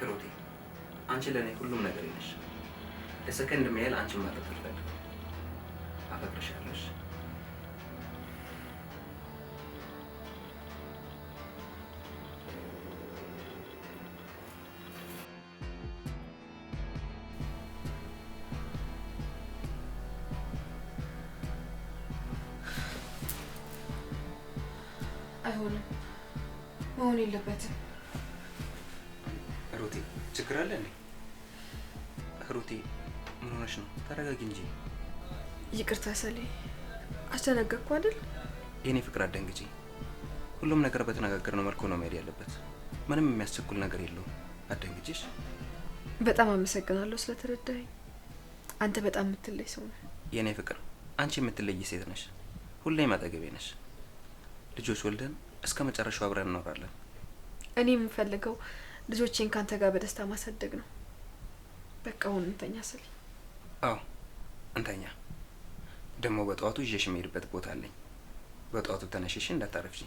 ሂሩቴ አንቺ ለእኔ ሁሉም ነገር ነሽ። ለሰከንድ ያህል አንቺ ማጣት አልፈልግም። አፈቅርሻለሁ። አይሆንም፣ መሆን የለበትም። ችግር አለ እንዴ? ሩቴ ምን ሆነሽ ነው? ተረጋጊ እንጂ። ይቅርታ ሰሌ፣ አስደነገጥኩ አይደል? የኔ ፍቅር አትደንግጪ። ሁሉም ነገር በተነጋገርነው መልኩ ነው መሄድ ያለበት። ምንም የሚያስቸኩል ነገር የለውም። አትደንግጪሽ። በጣም አመሰግናለሁ ስለተረዳኝ። አንተ በጣም የምትለይ ሰው ነህ የእኔ ፍቅር። አንቺ የምትለይ ሴት ነሽ። ሁሌም አጠገቤ ነሽ። ልጆች ወልደን እስከ መጨረሻው አብረን እንኖራለን። እኔ የምፈልገው ልጆቼን ካንተ ጋር በደስታ ማሳደግ ነው። በቃ አሁን እንተኛ ስል አዎ እንተኛ። ደግሞ በጠዋቱ ይዤሽ የምሄድበት ቦታ አለኝ። በጠዋቱ ተነሽሽ እንዳታረፍሽ።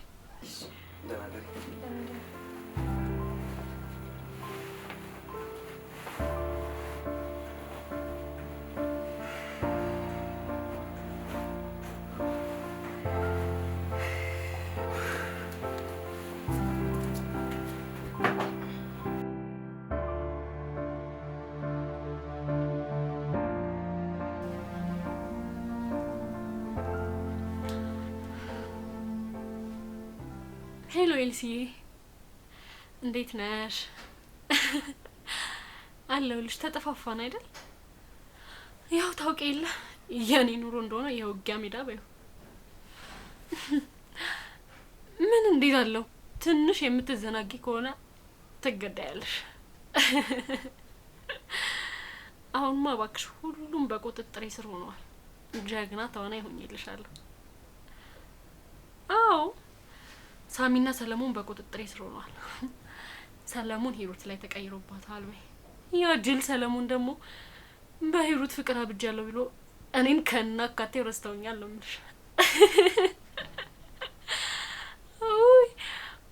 ሄሎ ኤልሲ እንዴት ነሽ? ልጅ ተጠፋፋን አይደል? ያው ታውቂ የለ የኔ ኑሮ እንደሆነ የውጊያ ሜዳ በይው። ምን እንዴት አለው? ትንሽ የምትዘናጊ ከሆነ ትገዳያለሽ። አሁንማ እባክሽ ሁሉም በቁጥጥሬ ስር ሆነዋል። ጀግና ተዋናይ ሆኜልሻለሁ። አዎ ሳሚና ሰለሞን በቁጥጥሬ ስር ሆኗል። ሰለሞን ሂሩት ላይ ተቀይሮባታል ወይ? ያ ጅል ሰለሞን ደግሞ በሂሩት ፍቅር አብጃለሁ ብሎ እኔን ከና አካቴው ረስተውኛል ነው የምልሽ።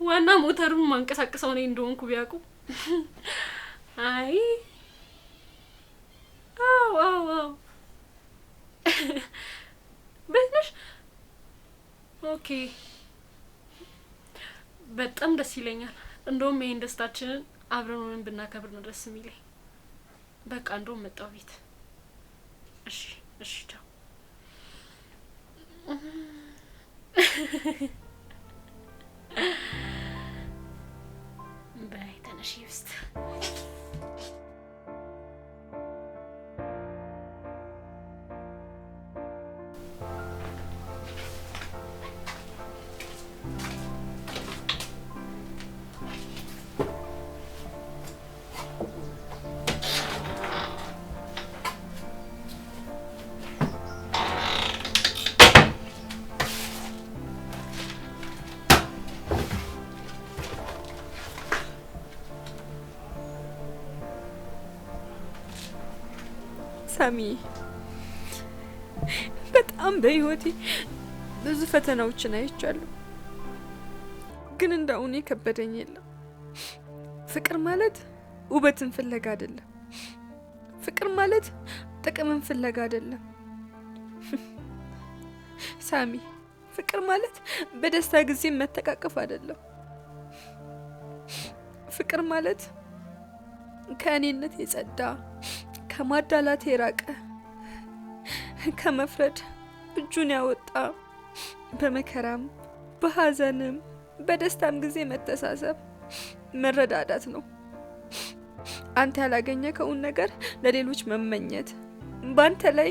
ዋና ሞተሩን ማንቀሳቀሰው እኔ እንደሆንኩ ቢያውቁ። አይ አው አው አው ቤት ነሽ? ኦኬ በጣም ደስ ይለኛል። እንደውም ይህን ደስታችንን አብረን ሆነን ብናከብር ነው ደስ የሚለኝ። በቃ እንደውም መጣው ቤት። እሺ፣ እሺ፣ ቻው። በይ ተነሽ ውስጥ ሳሚ በጣም በህይወቴ ብዙ ፈተናዎችን አይቻለሁ፣ ግን እንደ የከበደኝ የለም። ፍቅር ማለት ውበትን ፍለጋ አይደለም። ፍቅር ማለት ጥቅምን ፍለጋ አይደለም። ሳሚ፣ ፍቅር ማለት በደስታ ጊዜ መተቃቀፍ አይደለም። ፍቅር ማለት ከእኔነት የጸዳ ከማዳላት የራቀ ከመፍረድ እጁን ያወጣ በመከራም በሐዘንም በደስታም ጊዜ መተሳሰብ መረዳዳት ነው። አንተ ያላገኘከውን ነገር ለሌሎች መመኘት በአንተ ላይ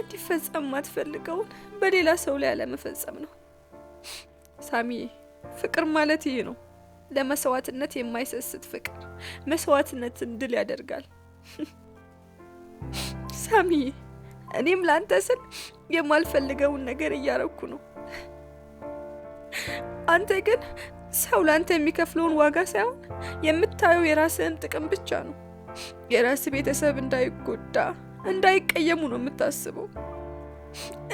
እንዲፈጸም ማትፈልገውን በሌላ ሰው ላይ አለመፈጸም ነው። ሳሚ፣ ፍቅር ማለት ይህ ነው። ለመስዋዕትነት የማይሰስት ፍቅር መስዋዕትነትን ድል ያደርጋል። ሳሚ፣ እኔም ለአንተ ስል የማልፈልገውን ነገር እያረኩ ነው። አንተ ግን ሰው ለአንተ የሚከፍለውን ዋጋ ሳይሆን የምታየው የራስህን ጥቅም ብቻ ነው። የራስህ ቤተሰብ እንዳይጎዳ እንዳይቀየሙ ነው የምታስበው።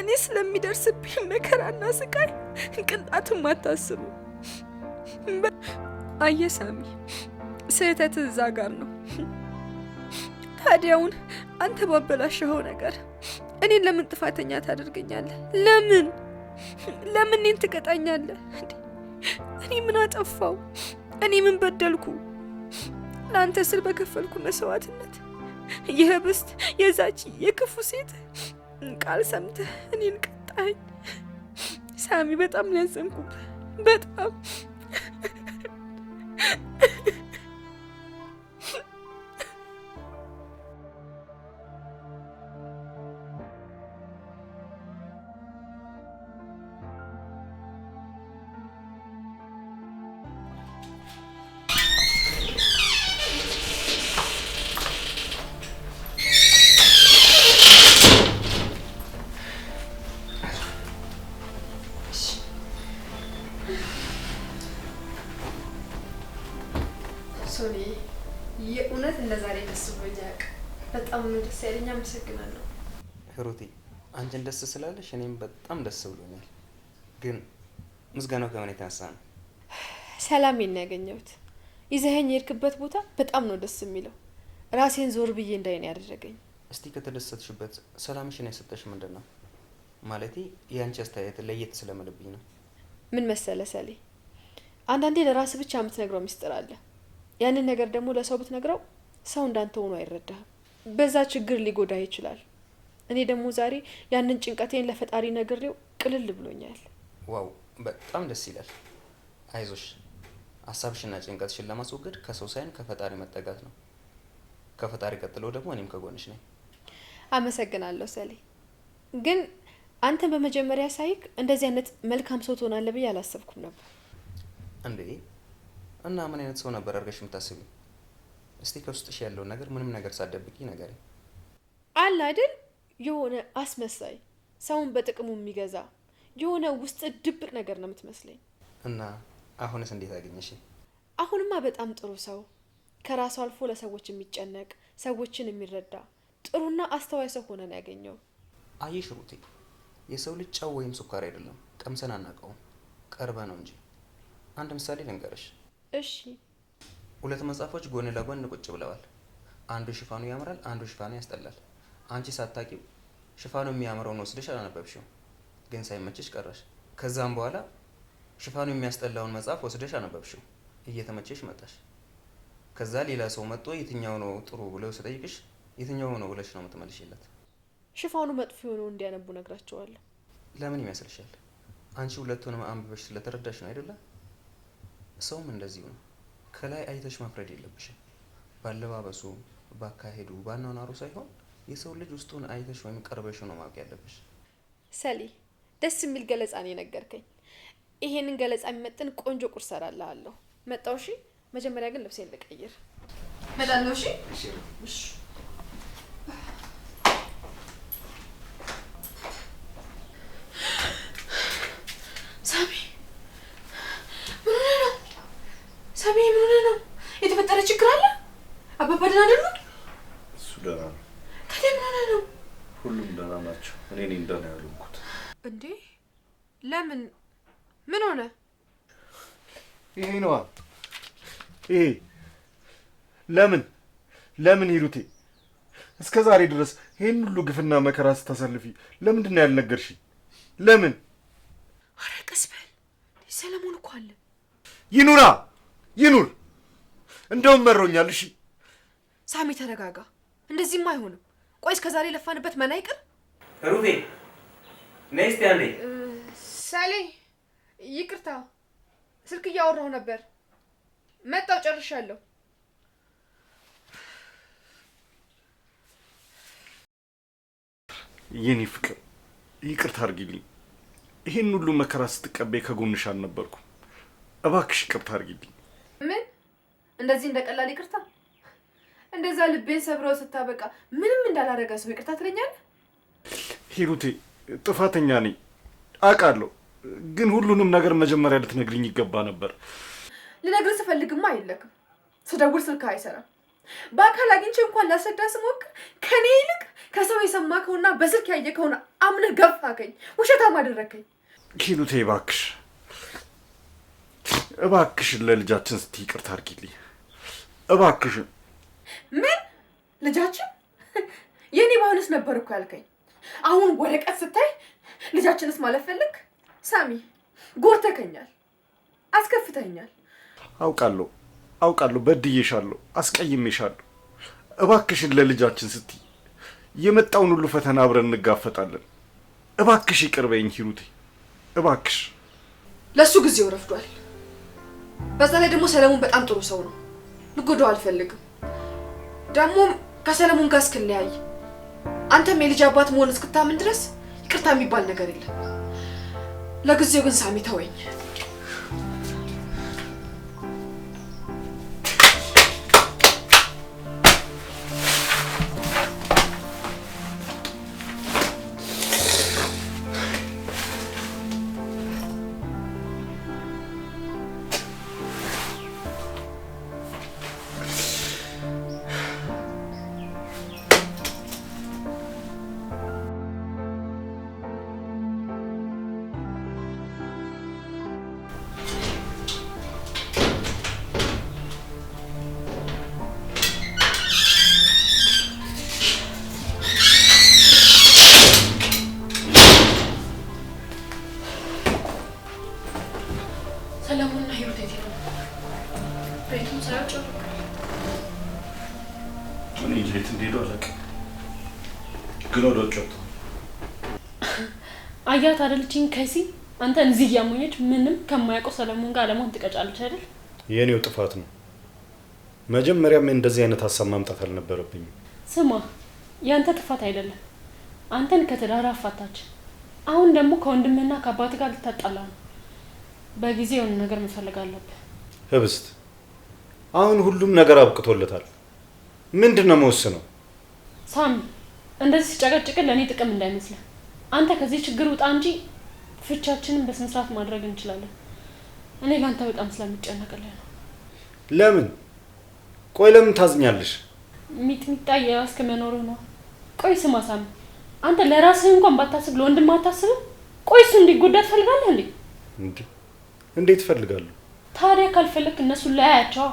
እኔ ስለሚደርስብኝ መከራና ስቃይ ቅንጣትም አታስበው። አየ ሳሚ፣ ስህተት እዛ ጋር ነው። ታዲያውን አንተ ባበላሸኸው ነገር እኔን ለምን ጥፋተኛ ታደርገኛለህ? ለምን ለምን እኔን ትቀጣኛለህ? እኔ ምን አጠፋው? እኔ ምን በደልኩ? ለአንተ ስል በከፈልኩ መስዋዕትነት ብስት የዛች የክፉ ሴት ቃል ሰምተህ እኔን ቀጣኝ። ሳሚ፣ በጣም ነው ያዘንኩብህ፣ በጣም በጣም ደስ ያለኝ። አመሰግናለሁ ህሩቴ። አንቺን ደስ ስላለሽ እኔም በጣም ደስ ብሎኛል። ግን ምስጋናው ከምን የተነሳ ነው? ሰላሜን ነው ያገኘሁት። ይዘኸኝ የሄድክበት ቦታ በጣም ነው ደስ የሚለው። ራሴን ዞር ብዬ እንዳይን ያደረገኝ። እስቲ ከተደሰትሽበት ሰላምሽን የሰጠሽ ምንድን ነው? ማለቴ የአንቺ አስተያየት ለየት ስለመልብኝ ነው። ምን መሰለ ሰሌ፣ አንዳንዴ ለራስ ብቻ የምትነግረው ሚስጥር አለ። ያንን ነገር ደግሞ ለሰው ብትነግረው ሰው እንዳንተ ሆኖ አይረዳህም። በዛ ችግር ሊጎዳ ይችላል። እኔ ደግሞ ዛሬ ያንን ጭንቀቴን ለፈጣሪ ነግሬው ቅልል ብሎኛል። ዋው በጣም ደስ ይላል። አይዞሽ፣ ሀሳብሽና ጭንቀትሽን ለማስወገድ ከሰው ሳይን ከፈጣሪ መጠጋት ነው። ከፈጣሪ ቀጥሎ ደግሞ እኔም ከጎንሽ ነኝ። አመሰግናለሁ ሰሌ። ግን አንተን በመጀመሪያ ሳይክ እንደዚህ አይነት መልካም ሰው ትሆናለህ ብዬ አላሰብኩም ነበር። እንዴ! እና ምን አይነት ሰው ነበር አድርገሽ የምታስቢው? እስቲ ከውስጥሽ ያለውን ነገር ምንም ነገር ሳደብቂ ነገር አለ አይደል የሆነ አስመሳይ ሰውን በጥቅሙ የሚገዛ የሆነ ውስጥ ድብቅ ነገር ነው የምትመስለኝ። እና አሁንስ እንዴት አገኘሽ? አሁንማ በጣም ጥሩ ሰው፣ ከራሱ አልፎ ለሰዎች የሚጨነቅ ሰዎችን የሚረዳ ጥሩና አስተዋይ ሰው ሆነ ነው ያገኘው። አየሽ ሩቴ፣ የሰው ልጅ ጨው ወይም ስኳር አይደለም፣ ቀምሰን አናውቀውም፣ ቀርበ ነው እንጂ። አንድ ምሳሌ ልንገርሽ እሺ? ሁለት መጽሐፎች ጎን ለጎን ቁጭ ብለዋል። አንዱ ሽፋኑ ያምራል፣ አንዱ ሽፋኑ ያስጠላል። አንቺ ሳታቂ ሽፋኑ የሚያምረውን ወስደሽ አላነበብሽው፣ ግን ሳይመችሽ ቀረሽ። ከዛም በኋላ ሽፋኑ የሚያስጠላውን መጽሐፍ ወስደሽ አነበብሽው፣ እየተመቸሽ መጣሽ። ከዛ ሌላ ሰው መጥቶ የትኛው ነው ጥሩ ብለው ስጠይቅሽ የትኛው ነው ብለሽ ነው የምትመልሽለት። ሽፋኑ መጥፎ የሆነው እንዲያነቡ ነግራቸዋል። ለምን ይመስልሻል? አንቺ ሁለቱንም አንብበሽ ስለተረዳሽ ነው አይደለ? ሰውም እንደዚሁ ነው። ከላይ አይተሽ መፍረድ የለብሽም። ባለባበሱ፣ ባካሄዱ፣ ባኗኗሩ ሳይሆን የሰው ልጅ ውስጡን አይተሽ ወይም ቀርበሽ ነው ማወቅ ያለብሽ። ሰሊ፣ ደስ የሚል ገለጻ ነው የነገርከኝ። ይሄንን ገለጻ የሚመጥን ቆንጆ ቁርስ ሰራልሃለሁ። መጣው። እሺ፣ መጀመሪያ ግን ልብሴን ልቀይር። እመጣለሁ። እሺ። ምን ሆነህ ነው? የተፈጠረ ችግር አለ? አባባ ደህና አይደሉ? እሱ ደህና ነው። ታዲያ ምን ነው? ሁሉም ደህና ናቸው። እኔ ነኝ ደህና ያልሆንኩት። እንዴ ለምን? ምን ሆነ? ይሄ ነዋ። ይሄ ለምን ለምን ይሉቴ እስከ ዛሬ ድረስ ይህን ሁሉ ግፍና መከራ ስታሳልፊ ለምንድን ነው ያልነገርሽኝ? ለምን? አረ ቀስ በል ሰለሞን እኮ አለ። ይኑራ ይኑር። እንደውም መሮኛል። እሺ ሳሚ ተረጋጋ። እንደዚህም አይሆንም። ቆይ እስከ ዛሬ ለፋንበት መና ይቅር። ሩቴ ነስቲ አንዴ። ሳሌ ይቅርታ፣ ስልክ እያወራሁ ነበር። መጣው ጨርሻለሁ። የኔ ፍቅር ይቅርታ አድርጊልኝ። ይህን ሁሉ መከራ ስትቀበይ ከጎንሽ አልነበርኩም። እባክሽ ይቅርታ አድርጊልኝ። እንደዚህ እንደቀላል ይቅርታ እንደዛ ልቤን ሰብረው ስታበቃ ምንም እንዳላረገ ሰው ይቅርታ ትለኛል ሂሩቴ ጥፋተኛ ነኝ አውቃለሁ፣ ግን ሁሉንም ነገር መጀመሪያ ልትነግርኝ ይገባ ነበር። ልነግርህ ስፈልግማ አይለክም፣ ስደውል ስልክ አይሰራም። በአካል አግኝቼ እንኳን ላስረዳ ስሞክር ከኔ ይልቅ ከሰው የሰማከውና በስልክ ያየከውን አምነህ ገፋከኝ፣ ውሸታም አደረከኝ። ሂሩቴ እባክሽ እባክሽ ለልጃችን ስትይ ይቅርታ አድርጊልኝ። እባክሽን። ምን ልጃችን? የእኔ ባሁንስ ነበር እኮ ያልከኝ። አሁን ወረቀት ስታይ ልጃችንስ ማለት ፈልግ። ሳሚ ጎርተከኛል፣ አስከፍተኛል። አውቃለሁ አውቃለሁ፣ በድዬሻለሁ፣ አስቀይሜሻለሁ። እባክሽን ለልጃችን ስትይ የመጣውን ሁሉ ፈተና አብረን እንጋፈጣለን። እባክሽ ይቅርበኝ ሂሩቴ፣ እባክሽ። ለእሱ ጊዜው ረፍዷል። በዛ ላይ ደግሞ ሰለሞን በጣም ጥሩ ሰው ነው። ልጎዳው አልፈልግም። ደግሞም ከሰለሞን ጋር እስክንለያይ አንተም የልጅ አባት መሆን እስክታምን ድረስ ይቅርታ የሚባል ነገር የለም። ለጊዜው ግን ሳሚ ተወኝ። አያት አደልች ከሲ አንተ እዚህ እያሞኘች ምንም ከማያውቀው ሰለሞን ጋር ለመሆን ትቀጫለች አይደል? የእኔው ጥፋት ነው። መጀመሪያም እንደዚህ አይነት ሀሳብ ማምጣት አልነበረብኝም። ስማ፣ የአንተ ጥፋት አይደለም። አንተን ከትዳር አፋታች፣ አሁን ደግሞ ከወንድምና ከአባት ጋር ልታጣላ ነው። በጊዜ የሆነ ነገር መፈለግ አለብህ። ህብስት፣ አሁን ሁሉም ነገር አብቅቶለታል። ምንድን ነው መወስነው? ሳሚ፣ እንደዚህ ሲጨቀጭቅን ለእኔ ጥቅም እንዳይመስለን አንተ ከዚህ ችግር ውጣ እንጂ ፍቻችንን በስነ ስርዓት ማድረግ እንችላለን። እኔ ለአንተ በጣም ስለምጨነቅልህ ነው። ለምን? ቆይ ለምን ታዝኛለሽ? ሚጥሚጣ የራስክ ነው። ቆይ ስማ ሳሚ፣ አንተ ለራስህ እንኳን ባታስብ ለወንድም አታስብም? ቆይ እሱ እንዲጎዳ ትፈልጋለህ እንዴ? እንዴ እንዴት እፈልጋለሁ? ታዲያ ካልፈለክ እነሱን ላያቸው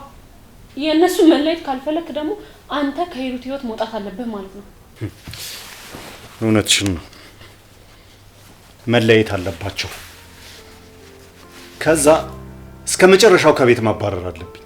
የእነሱ መለየት ካልፈለክ ደግሞ አንተ ከሄዱት ህይወት መውጣት አለብህ ማለት ነው። እውነትሽን ነው። መለየት አለባቸው። ከዛ እስከ መጨረሻው ከቤት ማባረር አለብኝ።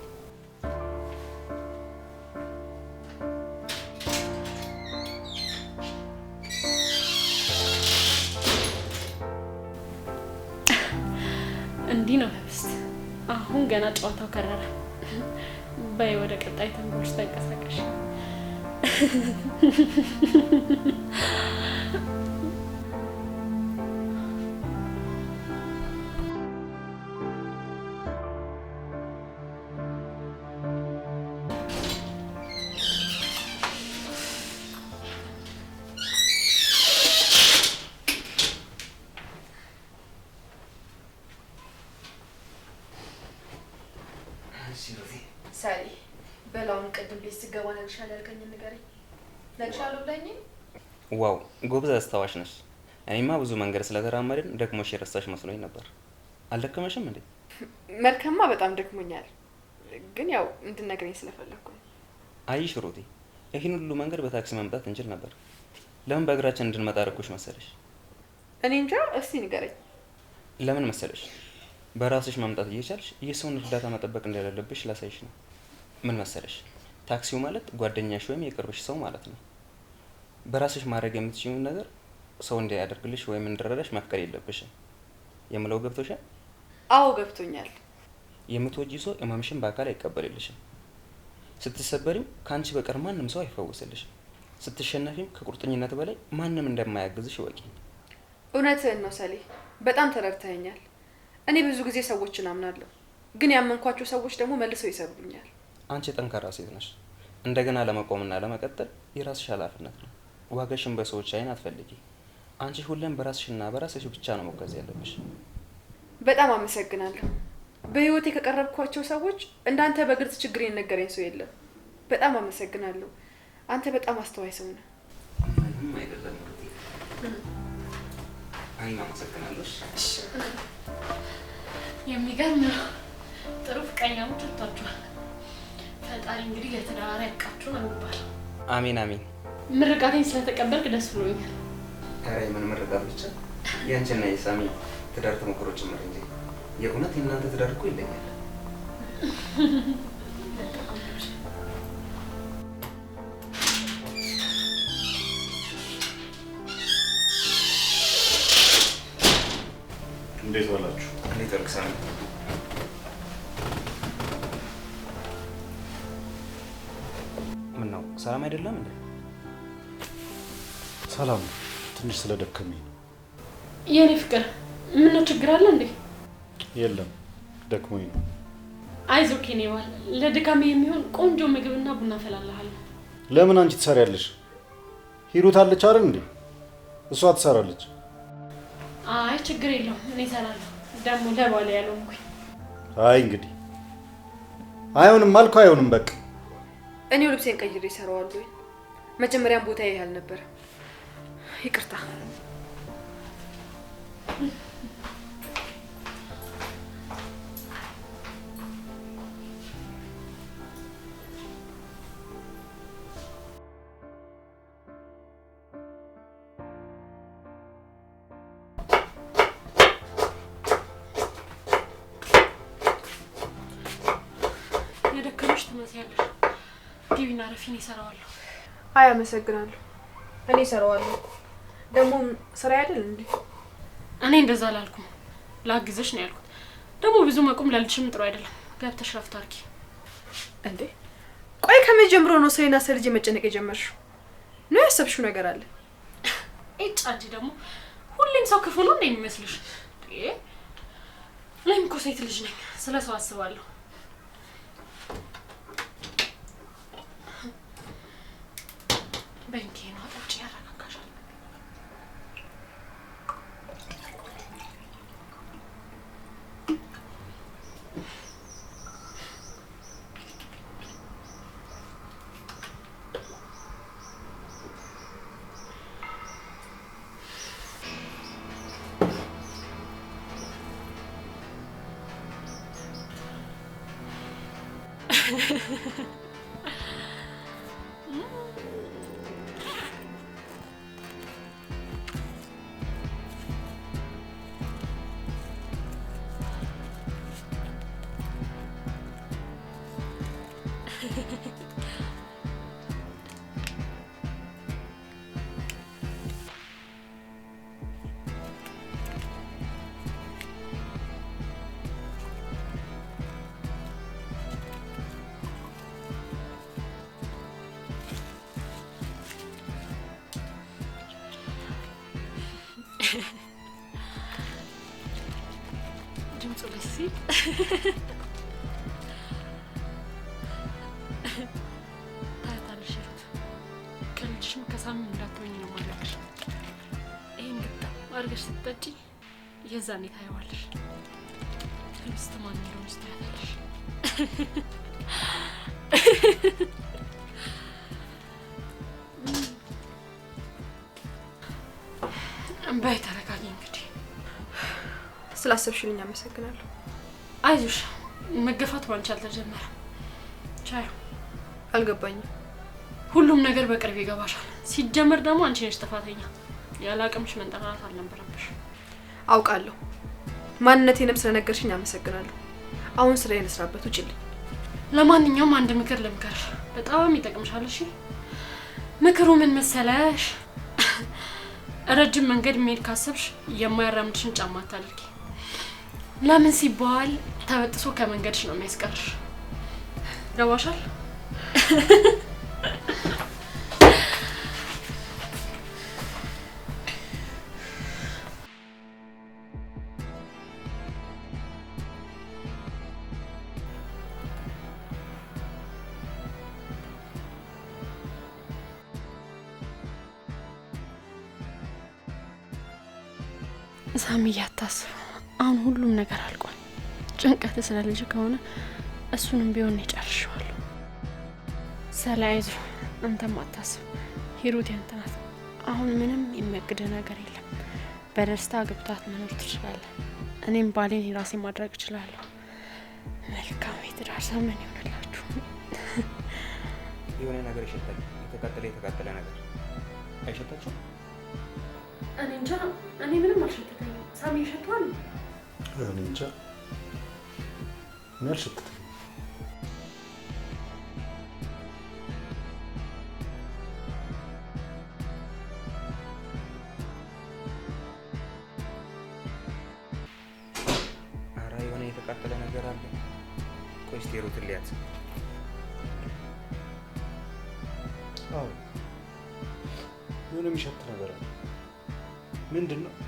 ያልከኝ ዋው ጎብዝ አስታዋሽ ነሽ። እኔማ ብዙ መንገድ ስለተራመድን ደክሞሽ የረሳሽ መስሎኝ ነበር። አልደከመሽም እንዴ? መልካማ በጣም ደክሞኛል፣ ግን ያው እንድነግረኝ ስለፈለግኩ። አይሽ ሮቴ፣ ይህን ሁሉ መንገድ በታክሲ መምጣት እንችል ነበር። ለምን በእግራችን እንድንመጣ ረኩሽ መሰለሽ? እኔ እንጃ። እስቲ ንገረኝ። ለምን መሰለሽ? በራስሽ መምጣት እየቻልሽ የሰውን እርዳታ መጠበቅ እንደሌለብሽ ላሳይሽ ነው። ምን መሰለሽ ታክሲው ማለት ጓደኛሽ ወይም የቅርብሽ ሰው ማለት ነው። በራስሽ ማድረግ የምትችይውን ነገር ሰው እንዲያደርግልሽ ወይም እንዲረዳሽ መፍቀድ የለብሽም። የምለው ገብቶሻል? አዎ ገብቶኛል። የምትወጂ ሰው እማምሽን በአካል አይቀበልልሽም። ስትሰበሪም ከአንቺ በቀር ማንም ሰው አይፈወስልሽም። ስትሸነፊም ከቁርጠኝነት በላይ ማንም እንደማያግዝሽ ወቂ። እውነትህን ነው ሰሌ፣ በጣም ተረድተኸኛል። እኔ ብዙ ጊዜ ሰዎችን አምናለሁ፣ ግን ያመንኳቸው ሰዎች ደግሞ መልሰው ይሰብሩኛል። አንቺ ጠንካራ ሴት ነሽ። እንደገና ለመቆምና ለመቀጠል የራስሽ ኃላፊነት ነው። ዋጋሽን በሰዎች አይን አትፈልጊ። አንቺ ሁሌም በራስሽና በራስሽ ብቻ ነው መጓዝ ያለብሽ። በጣም አመሰግናለሁ። በህይወቴ ከቀረብኳቸው ሰዎች እንዳንተ በግልጽ ችግር የነገረኝ ሰው የለም። በጣም አመሰግናለሁ። አንተ በጣም አስተዋይ ሰው ነህ። የሚገርም ነው። ጥሩ ፍቃኛሞች ወጥቷቸዋል። ፈጣሪ እንግዲህ ያብቃችሁ ነው አሜን አሜን። ምርቃቴን ስለተቀበልክ ደስ ብሎኛል። ኧረ የምን ምርቃት ብቻ ያንቺና የሳሚ ትዳር ተሞክሮ ጭምር እንጂ የእውነት የእናንተ ትዳር እኮ ይለኛል። እንዴት ዋላችሁ? እንዴት ነው አይደለም እንዴ? ሰላም፣ ትንሽ ስለደከመኝ ነው። የኔ ፍቅር፣ ምነው ችግር አለ እንዴ? የለም፣ ደክሞኝ ነው። አይዞህ የኔ ባል፣ ለድካሜ የሚሆን ቆንጆ ምግብና ቡና ፈላልሃለሁ። ለምን አንቺ ትሰሪያለሽ? ሂሩት አለች አይደል እንዴ? እሷ ትሰራለች። አይ ችግር የለውም፣ እኔ እሰራለሁ። ደግሞ ለባለ ያለው አይ እንግዲህ አይሆንም አልኩ አይሆንም በቃ እኔው ልብሴን ቀይሬ እሰራዋለሁ። መጀመሪያም ቦታ ይህ ነበር ይቅርታ ግቢና ረፊን እሰራዋለሁ። አይ አመሰግናለሁ። እኔ እሰራዋለሁ። ደግሞም ስራ አይደል እንዴ? እኔ እንደዛ አላልኩም። ላግዝሽ ነው ያልኩት። ደግሞ ብዙ መቆም ለልጅሽም ጥሩ አይደለም። ገብተሽ ረፍት አድርጊ። እንዴ ቆይ ከመቼ ጀምሮ ነው ስለኔና ስለልጄ መጨነቅ የጀመርሽው? ነው ያሰብሽው ነገር አለ? እጭ አንቺ ደግሞ ሁሌም ሰው ክፉ ነው እንደ የሚመስልሽ? እኔም እኮ ሴት ልጅ ነኝ፣ ስለ ሰው አስባለሁ። ben gehen heute auf die Herren. フフフフ。ハハハハ ስትጠጪ የዛኔ ታየዋለሽ። ሚስት ማን ነው ሚስት ያለሽ? እምባይ ተረጋጊ። እንግዲህ ስላሰብሽልኝ አመሰግናለሁ። አይዞሽ፣ መገፋት ባንቺ አልተጀመረም። ቻዩ አልገባኝም። ሁሉም ነገር በቅርብ ይገባሻል። ሲጀመር ደግሞ አንቺ ነሽ ጥፋተኛ። ያለ አቅምሽ መንጠራራት አልነበረብሽ። አውቃለሁ። ማንነቴንም ስለነገርሽኝ አመሰግናለሁ። አሁን ስራዬን እስራበት፣ ውጭልኝ። ለማንኛውም አንድ ምክር ልምከርሽ፣ በጣም ይጠቅምሻል። እሺ? ምክሩ ምን መሰለሽ? ረጅም መንገድ መሄድ ካሰብሽ የማያራምድሽን ጫማ አታድርጊ። ለምን ሲባል ተበጥሶ ከመንገድሽ ነው የሚያስቀርሽ። ገባሻል? ማሚዬ አታስብ፣ አሁን ሁሉም ነገር አልቋል። ጭንቀት ስለ ልጅ ከሆነ እሱንም ቢሆን ይጨርሸዋለሁ። ሰላይዙ አንተም አታስብ፣ ሂሩት ያንተ ናት። አሁን ምንም የሚያግድ ነገር የለም። በደስታ ግብታት መኖር ትችላለን። እኔም ባሌን የራሴ ማድረግ እችላለሁ። መልካም የትዳር ዘመን ይሆንላችሁ። የሆነ ነገር ይሸታል። የተቃጠለ የተቃጠለ ነገር አይሸታችሁም? እኔ እንጃ። እኔ ምንም አልሸተተኝም። ሳሚ እኔ እንጃ። እኔ አልሸተተኝም። የሆነ የተቃጠለ ነገር አለ። ቆይ እስኪ ነገር አለ ምንድን ነው